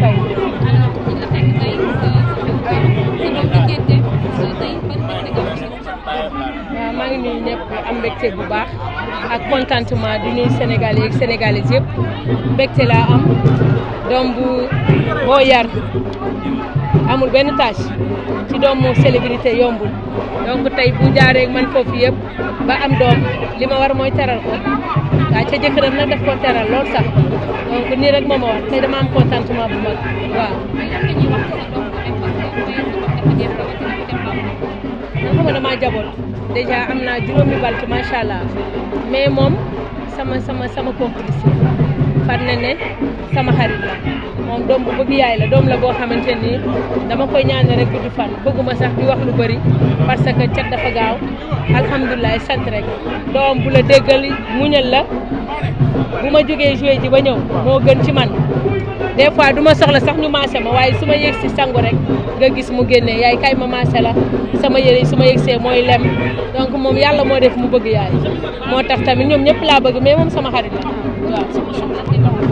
side. nuyu ñëpp am mbégte bu baax ak contentement du nuyu sénégalais ak sénégalaises yëpp mbégte am doom bu boo yar amul benn tâche ci doomu célébrité yombul donc tey bu jaaree man foofu yëpp ba am doom li ma war mooy teral ko waaw ca jëkkëram nag daf ko teral lool sax donc nii rek moo ma war tey dama am contentement bu mag waaw. xam nga damaa jaboot dèjà am naa juróomi barke macha allah mais moom sama sama sama complice far ne ne sama xarit la moom doom bu bëgg yaay la doom la boo xamante ni dama koy ñaanal rek gudd fan bëgguma sax di wax lu bari parce que cat dafa gaaw alhamdulilah sant rek doom bu la déggal muñal la bu ma jógee joué ji ba ñëw moo gën ci man des fois duma soxla sax ñu maase ma waaye su ma yëg si sangu rek nga gis mu génnee yaay kay ma maase la sama yëre su ma yëg see mooy lem donc moom yàlla moo def mu bëgg yaay moo tax tamit ñoom ñëpp laa bëgg mais moom sama xarit la waaw.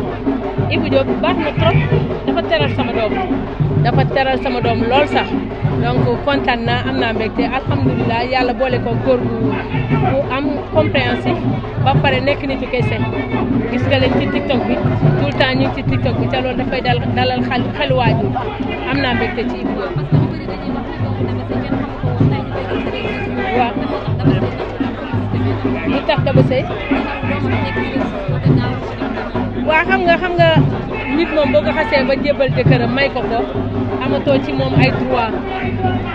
Ibou baax na trop dafa teral sama doom dafa teral sama doom lool sax donc kontaan naa am naa mbégte alhamdulilah yàlla boole ko góor bu bu am compréhensif ba pare nekk nit yi kese gis nga leen ci tiktok bi tout ñu ci tiktok bi te dafay dal dalal xel xel waajur am naa mbégte ci ibi waaw lu tax daba sëy waa xam nga xam nga nit moom boo xasee ba jébbal jëkkëram may ko ko amatoo ci moom ay droit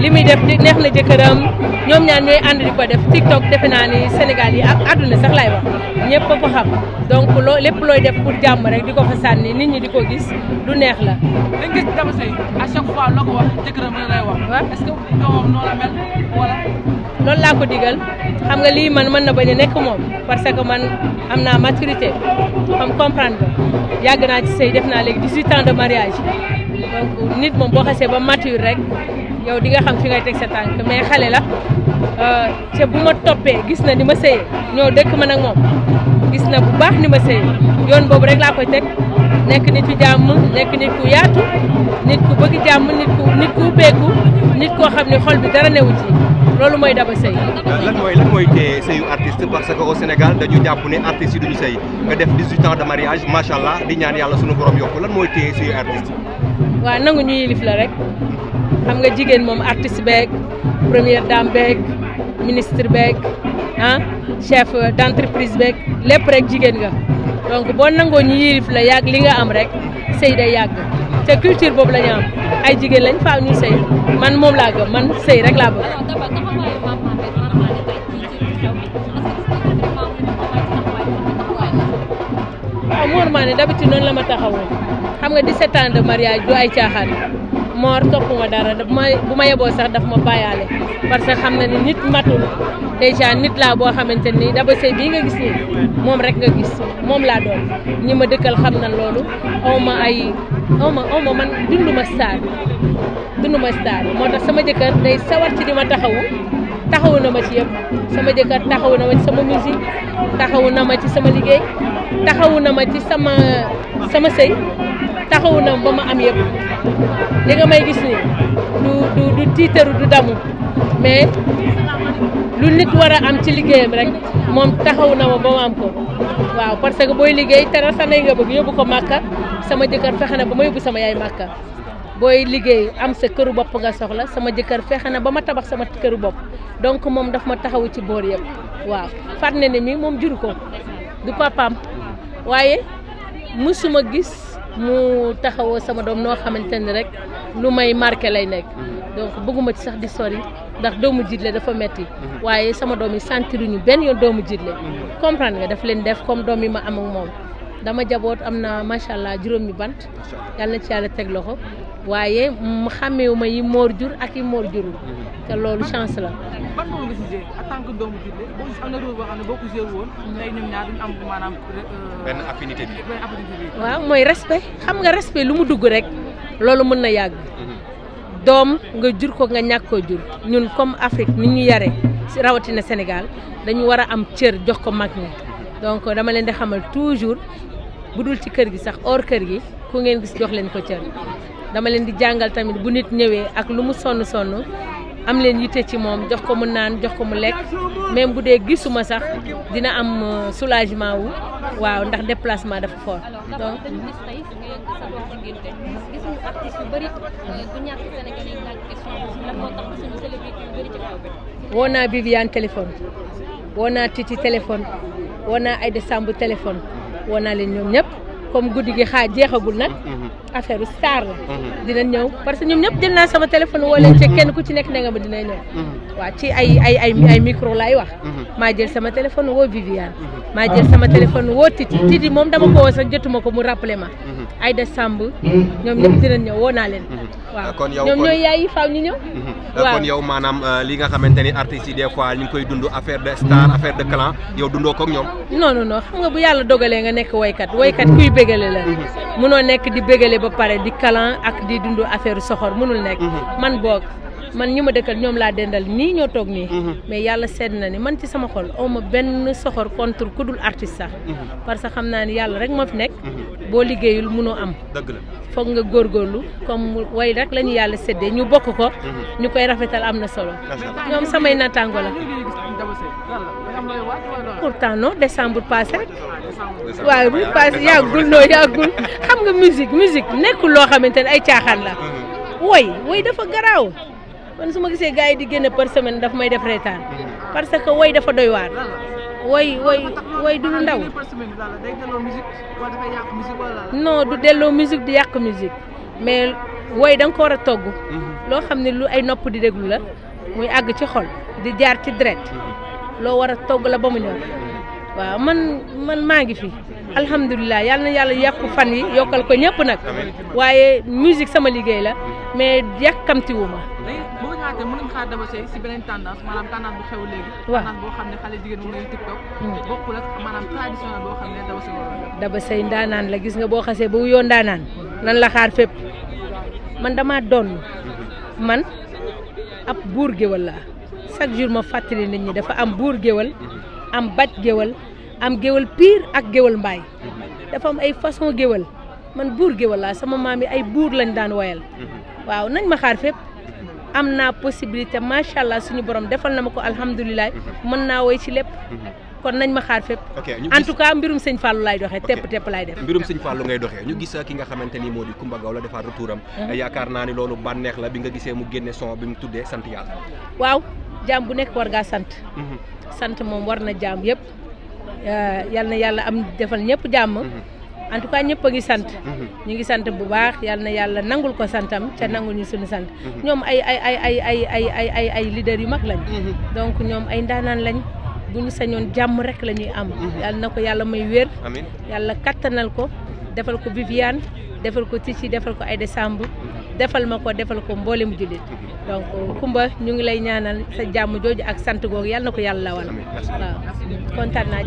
li muy def di neex na jëkkëram ñoom ñaar ñooy ànd di ko def TikTok defe naa ni Sénégal yi ak àdduna sax laay wax ñëpp a ko xam donc loo lépp looy def pour jàmm rek di ko fa sànni nit ñi di ko gis lu neex la. dañ gis Daba Seye la lay wax. laa ko digal xam nga lii man mën na bañ a nekk moom parce que man am naa maturité xam comprendre yàgg naa ci sëy def naa léegi 18 ans de mariage donc nit moom boo xasee ba mature rek. yow di nga xam fi ngay teg sa tànk mais xale la euh, te bu ma toppee gis na ni ma sëyee ñoo dëkk man ak moom gis na bu baax ni ma sëyee yoon boobu rek laa koy teg nekk nit ku jàmm nekk nit ku yaatu nit ku bëgg jàmm nit ku nit nit koo xam ne xol bi dara newu ci loolu mooy daba sëy lan mooy lan mooy tee sëyu artiste parce que au Sénégal dañu jàpp ne artistes yi duñu sëy nga def 18 ans de mariage macha allah di ñaan yàlla suñu borom yokk lan mooy tee sëyu xam nga jigéen moom artiste beeg première dame beeg ministre beeg ah chef d'entreprise beeg lépp rek jigéen nga donc boo nangoo ñu yilif la yàgg li nga am rek sëy day yàgg te culture boobu la am ay jigéen lañ faa ñuy sëy man moom laa gëm man sëy rek laa bëgg. waaw Mor Mané d'habitude noonu la ma taxawoo xam nga 17 ans de mariage du ay caaxaan. moor topp ma dara daf ma bu ma yeboo sax daf ma bàyyaale parce que xam na ni nit matul dèjà nit laa boo xamante ni Daba Seye bii nga gis nii moom rek nga gis moom laa doon ñi ma dëkkal xam na loolu aw ma ay aw ma aw man dundu ma star dundu ma star moo tax sama jëkkër day sawar ci di ma taxawu taxawu na ma ci yëpp sama jëkkër taxawu na ma ci sama musique taxawu na ma ci sama liggéey taxawu na ma ci sama sama sëy taxaw na ba ma am yëpp li nga may gis ni du du du tiitaru du damu mais lu nit war a am ci liggéeyam rek moom taxaw na ma ba ma am ko waaw parce que booy liggéey teral sa nay nga bëgg yóbbu ko màkka sama jëkkër fexe na ba ma sama yaay màkka booy liggéey am sa këru bopp nga soxla sama jëkkër fexe na ba ma tabax sama këru bopp donc moom daf ma taxawu ci boor yëpp waaw far ne ne mi moom juru ko du papaam waaye musuma gis mu taxawoo sama doom noo xamante ni rek lu may marqué lay nekk. Mm-hmm. donc bëgguma ci sax di sori ndax doomu jiitle dafa metti mm-hmm. waaye sama doom yi sentiruñu benn yoon doomu jiitle. Mm-hmm. comprendre nga dafa leen def comme doom yi ma am moom dama jaboot am na macha allah juróom ñu bant yàlla na ci yàlla teg loxo. waaye mu xàmmeewu ma yi moor jur ak yi moor jurul mhm. te loolu chance la. ban na xam ne boo ko euh, waaw mooy respect xam nga respe lu mu dugg rek loolu mën na yàgg. Mhm. doom nga jur ko nga ñàkk koo jur ñun comme Afrique ni ñu yare rawatina Sénégal dañu war a am cër jox ko mag ñi mhm. donc dama leen di xamal toujours bu dul ci kër gi sax hors kër gi ku ngeen gis jox leen ko cër. dama leen di jàngal tamit bu nit ñëwee ak lu mu sonn sonn am leen yitte ci moom jox ko mu naan jox ko mu lekk même bu dee gisuma sax dina am euh, soulagement wu waaw ndax déplacement dafa fort donc euh, woo naa Viviane téléphone woo naa Titi téléphone woo naa Aïda Samb téléphone woo naa leen ñoom ñëpp comme guddi gi xaaj jeexagul nag mm-hmm. affaire star la mm-hmm. dinañ ñëw parce que ñoom ñëpp jël naa sama téléphone woo leen ci kenn ku ci nekk ne nga ma dina ñëw mm-hmm. waaw ci ay ay ay ay wax maa jël sama téléphone woo Viviane maa jël sama téléphone woo Titi Titi moom dama ko woo sax jotuma ko mu rappelé ma ay décembre ñoom ñëpp dinañ ñëw woo naa leen waaw kon yow ñoom ñooy yaay yi faaw ñu ñëw waaw kon yow maanaam euh, li nga xamante ni artistes yi des fois ñu koy dund affaire de star affaire de clan yow xam nga bu yàlla dogalee nga nekk woykat woykat kuy bégale la mhm. munoo nekk di bégale ba pare di kalan ak di dund affaire soxor munul nekk mhm. man boo man ñu ma dëkkal ñoom laa dendal nii ñoo toog nii mhm. mais yàlla sedd na ni man ci sama xol awma benn soxor contre ku dul artiste sax parce que xam naa ni yàlla rek ma fi nekk boo liggéeyul munoo am dëgg la foog nga góorgóorlu comme woy rek lañu yàlla seddee ñu bokk ko ñu koy rafetal am na solo ñoom samay nattaango la pourtant non décembre passé rek waaw bu passé yàggul noo yàggul xam nga musique musique nekkul loo xamante ne ay caaxaan la mm-hmm. woy woy dafa garaaw man su ma gisee gars yi di génne par semaine daf may def reetaan mm-hmm. parce que woy dafa doy waar woy woy woy du lu ndaw non du delloo musique du yàq musique mais woy da ko war a togg mm-hmm. loo xam ne lu ay nopp di déglu la muy àgg ci xol di jaar ci deret loo war a togg la ba mu ñor waaw man man maa ngi fi alhamdulilah yal na yàlla yàqu fan yi yokkal ko ñëpp nag waaye musique sama liggéey la mais yàkkamtiwuma waaw mën Daba Seye si beneen tendance maanaam bu xew xam ne xale jigéen mu ngi TikTok. Hmm. bokkul ndaanaan la gis nga boo xasee ba wuyoo ndaanaan nan la xaar fépp man damaa doon man ab buur géwël laa chaque jour ma fàttali nañ ñi dafa am buur géwal am bat géwal am géwal piir ak géwal mbaay dafa am ay façon géwal man buur géwal laa sama maam yi ay buur lañ daan woyal waaw nañ ma xaar fépp am naa possibilité macha allah suñu borom defal na ma ko alhamdulilah mën naa woy ci lépp kon nañ ma xaar fépp en tout cas mbirum sëñ Fallou laay doxee tepp tepp laay def mbirum sëñ Fallou ngay doxee ñu gis uh, ki nga xamante ni moo di Coumba Gawlo defaat retouram yaakaar naa ni loolu bànneex la bi nga gisee mu génne son bi mu tuddee sant yàlla jaam bu nekk war ngaa sant. Mhm. sant moom war na jaam yëpp. Euh, yal na yàlla am defal ñëpp jàmm. Mhm. en tout ñëpp a ngi sant. Mhm. ñu ngi sant bu baax yal na yàlla nangul ko santam ca nangul ñu suñu sant. ñoom ay ay ay ay ay ay ay ay ay leader yu mag lañ. donc ñoom ay ndaanaan lañ. bu ñu sañoon jàmm rek la ñuy am. yàlla na ko yàlla may wér. yàlla kattanal ko. defal ko Viviane defal ko Ticci defal ko Aïda Samb. defal ma ko defal ko mboolem jullit donc Kumba ñu ngi lay ñaanal sa jàmm jooju ak sant googu yàlla na ko yàlla lawal kontaan naa